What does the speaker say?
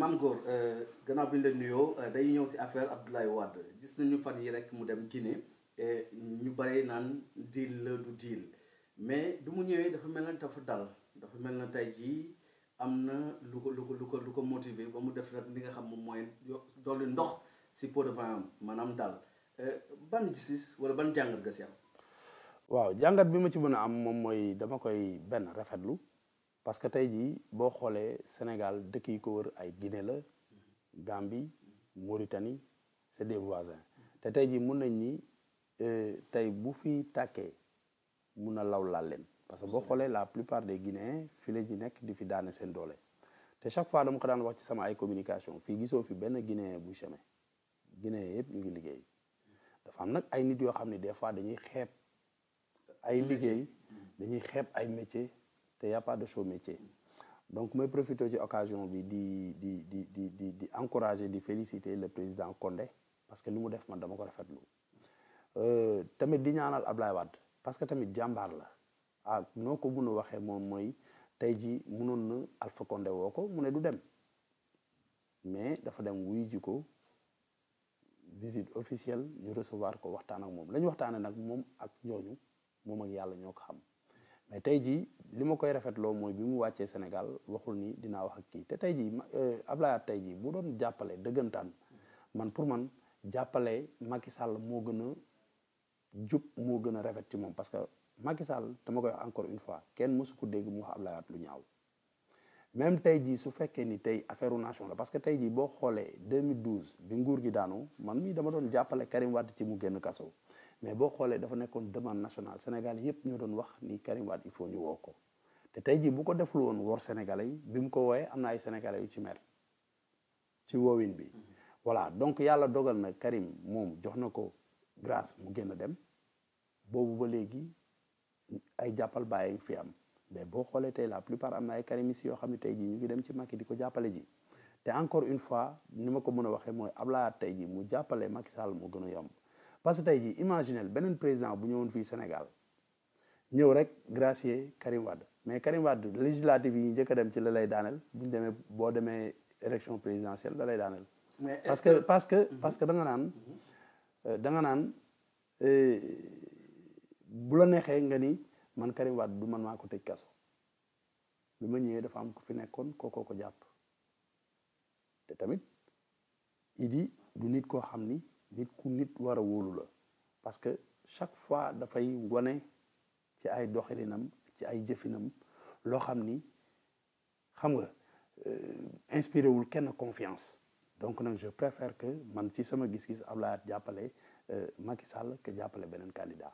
maam Góor euh, gannaaw bi ñu nuyoo euh, day ñëw si affaire Abdoulaye Wade gis nañu fan yi rek mu dem Guinée ñu bare naan deal la du deal mais du mu ñëwee dafa mel na dafa dal dafa mel na tey jii am na lu ko lu ko lu ko lu ko motiver ba mu def rek li nga xam moom mooy dolli ndox si pot de vin maanaam dal euh, ban gis-gis wala ban jàngat nga si am. waaw jàngat bi ma ci mën a am moom mooy dama koy benn rafetlu. parce que tey jii boo xoolee Sénégal dëkk yi ko wër ay Guinée la Gambie Mauritanie c'est des voisins te tey jii mun nañ ni euh, tey bu fi tàkkee mun na law laal leen parce que boo xoolee la plupart des Guinéens fi la ñu nekk di fi daane seen doole te chaque fois dama ko daan wax ci sama ay communication fii gisoo fi benn Guinéen bu chemin Guinéen yëpp ñu ngi liggéey dafa am nag ay nit yoo xam ne des fois dañuy xeeb ay liggéey dañuy xeep ay métier te y' de sot métier donc mooy profité ci occasion bi di di di di di di encourager di féliciter le président Condé parce que lu mu def man dama ko rafetlu euh, tamit di ñaanal Ablaye Wade parce que tamit jàmbaar la ah noo ko mun a waxee moom mooy tey jii munoon na Alpha Condé woo ko mu ne du dem mais dafa dem wuy ji ko visite officielle ñu recevoir ko waxtaan ak moom la ñu waxtaanee nag moom ak ñooñu moom ak yàlla ñoo ko xam. mais tey jii li ma koy rafetloo mooy bi mu wàccee Sénégal waxul ni dinaa wax ak kii te tey jii euh, Ablaye at tey jii bu doon jàppalee dëggantaan man pour man jàppale Macky Sall moo gën a jub moo gën a rafet ci moom parce que Macky Sall dama koy encore une fois kenn mësu ko dégg mu wax Ablaye at lu ñaaw même tey jii su fekkee ni tey affaire nation la parce que tey jii boo xoolee 2012 bi nguur gi daanu man mii dama doon jàppale Karim Wade ci mu génn kaso mais boo xoolee dafa nekkoon demande nationale Sénégal yëpp ñoo doon wax ni Karim Wade il faut ñu woo ko te tey jii bu ko deful woon wor Sénégalais bi mu ko wooyee am na ay Sénégalais yu ci mer ci woowin bi mm-hmm. voilà donc yàlla dogal na Karim moom jox na ko grâce mu génn dem boobu ba léegi ay jàppal bàyyi fi am mais boo xoolee tey la plupart am na ay karimistes yoo xam ne tey jii ñu ngi dem ci Macky di ko jàppale ji te encore une fois ni ma ko mën a waxee mooy Ablaye tey jii mu jàppale Macky Sall moo gën a yomb. parce que tey jii imaginel beneen président bu ñëwoon fii Sénégal ñëw rek gracier Karim Wade mais Karim Wade législative yi njëkk a dem ci la lay daaneel bu ñu demee boo demee élection présidentielle la lay daaneel. mais parce que parce que mhm. parce que da naan mhm. euh, da nga naan euh, bu la neexee nga ni man Karim Wade du man maa ko tëj kaso bi ma ñëwee dafa am ku fi nekkoon kookoo ko jàpp te tamit idi du nit koo xam ni. nit ku nit war wóolu la parce que chaque fois dafay wane ci ay doxalinam ci ay jëfinam loo xam ni xam nga euh, inspiré wul kenn confiance donc nag je préfère que man ci sama gis-gis Abdoulaye jàppale euh, Macky Sall que jàppale beneen candidat